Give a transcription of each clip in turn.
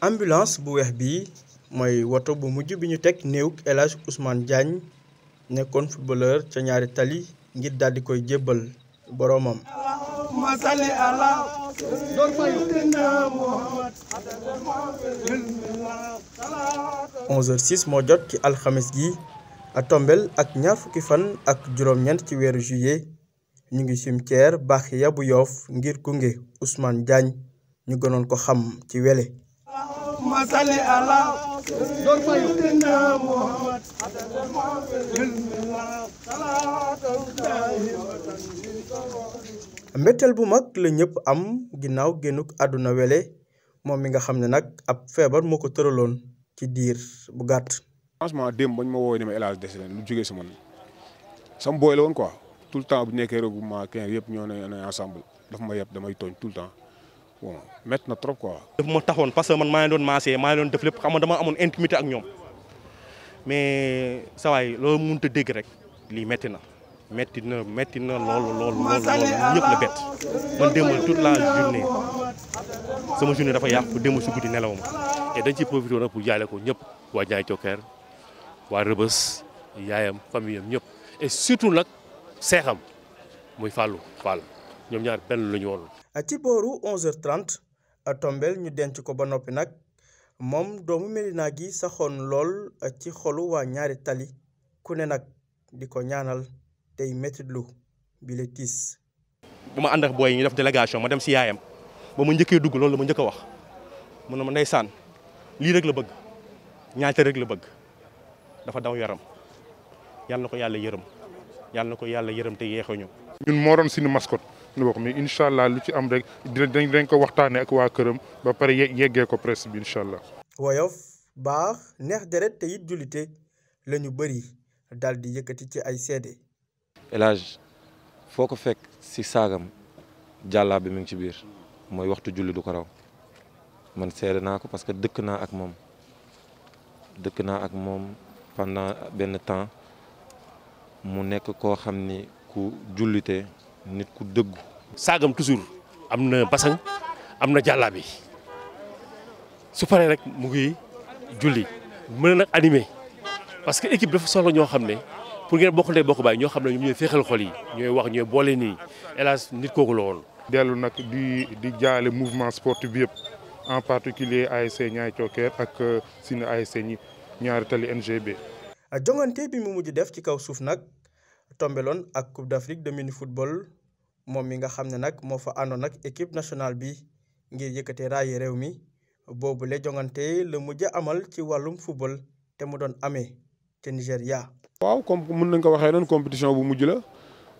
ambulance bu weex bi mooy woto bu mujj bi ñu teg néew El usmaan Ousmane nekkoon footballeur ca ñaari tali ngir daal koy jébbal boroomam. onze moo jot ci alxames gi a tombel ak ñaar fukki fan ak juróom-ñeent ci weeru juillet ñu ngi cimetière Bakhiya bu Yoff ngir gunge usmaan Diagne ñu gënoon ko xam ci wele اللهم صل على bu mag la ñëpp am ginnaaw génnuk àdduna wele moom mi nga xam ne nag ab feebar moo ko tëraloon ci diir bu gàtt. franchement démb bañ ma woowee ni des na lu jógee si man sam booy la woon quoi tout le temps bu nekkee regroupement 15 yëpp ñoo ne ensemble dafa ma yeb damay tooñ tout le temps. bon métti na trop quoi. daf ma taxoon parce que man maa ngi doon maasee maa doon def lépp xam nga dama amoon intimité ak ñoom mais saa waay loolu mënut a dégg rek lii métti na métti na métti na lool lool lool ñëpp la bett man démb toute la journée nelaw ma. et dañ ci profité nag pour jaale ko ñëpp waa Ndiaye Thioker waa Rëbës yaayam famille ñëpp et surtout nag seexam muy Fallou Fall ñoom ñaar benn la woon. Euh, ci booru 11h30 euh, tombel ñu denc ko ba noppi nag moom doomu Medina gi saxoon lool euh, ci xolu waa ñaari tali ku ne nag di ko ñaanal tey métitlu bi la tiis bu ma ànd ak booy ñu def délégation ma dem si yaayam ba ma njëkkee dugg loolu la ma njëkk a wax mu ne ma ndeysaan lii rek la bëgg ñaata rek la bëgg dafa daw yaram yàlla na ko yàlla yërëm yàlla na ko yàlla yërëm te yeexuñu ñun moo doon suñu mascotte lu incha allah lu ci am rek dinañ dañ ko waxtaanee ak waa këram ba pare yeggee ko presse bi incha allah. woyof baax neex deret te jullite la ñu bëri daal di yëkkati ci ay seede. El foo ko fekk si saagam jàllaa bi mu ngi ci biir mooy waxtu julli du ko raw man seede naa ko parce que dëkk naa ak moom dëkk naa ak moom pendant benn temps mu nekk koo xam ni ku jullite. nit ku deug sagam toujours amna na basang am na su paree rek mu ngi julli mën na animé parce que équipe dafa solo ño xamné pour ngeen bokk ndey bokk bay ño xamné ñu ñoom ñooy xol yi ñoy wax ñoy bolé ni hélas nit koku la won delu nak di di jaale mouvement sportif bi en particulier ASC Niay Thioker ak euh, sunu ASC ñi ñaar tali NGB. jongante bi mu mujj def ci kaw suuf nak tombelon ak coupe d'Afrique de mini football mom mi nga xamne nak mo fa ak équipe nationale bi ngir yëkëté raayi réew mi bobu lé jongante le mujjé amal ci walum football té mu doon amé te nigeria waaw comme mën nañ ko waxé non compétition bu mujjula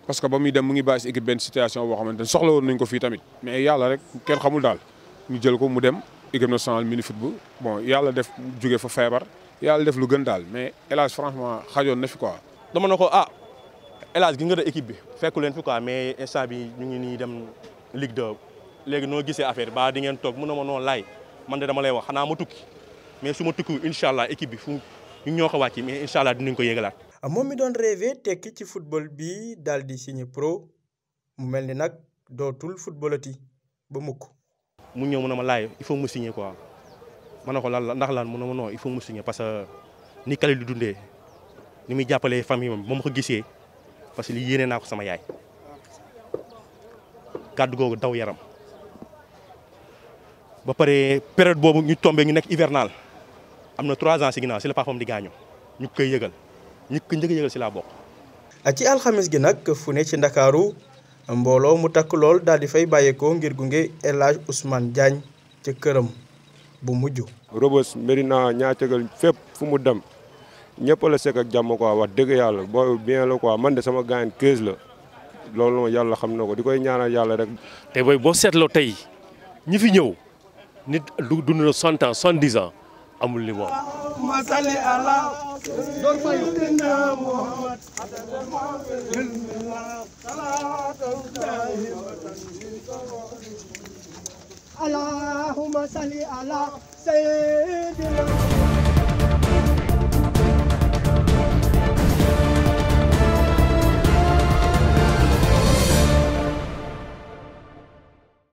parce que bamuy dem mu ngi bàyyi si équipe ben situation bo xamanteni soxla won nañ ko fi tamit mais yalla rek kenn xamul dal ñu jël ko mu dem équipe nationale mini football bon yalla def jóge fa feebar yalla def lu gën dal mais hélas franchement xajoon na fi quoi. dama nako ah. élage gi nga da équipe bi fekku leen fi quoi mais instant bi ñu ngi nii dem Ligue 2 léegi noo gisee affaire ba di ngeen toog mun na ma noo laay man de lay wax xanaa ma mais su ma tukki incha allah équipe bi fu ñoo ko wàcc mais incha allah dinañ ko yëgalaat. Ah, moom mi doon rêvé tekki ci football bi daal di signé pro mu mel ni nag dootul footballati ba mukk. mu ñëw mu ma laay il faut mu signé quoi ma ne ko lan la ndax lan mu ne ma non il faut mu parce que ni kale di dundee ni muy jàppalee famille moom ko gisee. parce que li yéene naa ko sama yaay kàddu googu daw yaram ba pare période boobu ñu tombé ñu nekk hivernal am na trois ans si ginnaaw si la papaam di gaañu ñu koy yëgal ñu ko njëkk a yëgal si laa bokk. Ah, ci alxames gi nag fu ne ci ndakaaru mbooloo mu takk lool daal di fay bàyyeekoo ngir gunge El Hadj Ousmane ca këram bu mujj. Rebeuss Médina Niakhate fépp fu mu dem. ñëpp la sekk ak jàmm quoi wax dëgg yàlla booy bien la man de sama gaañ kees la loolu moom yàlla xam na ko di koy ñaanal yàlla rek. te booy boo seetloo tey ñi fi ñëw nit du dund na soixante ans soixante amul li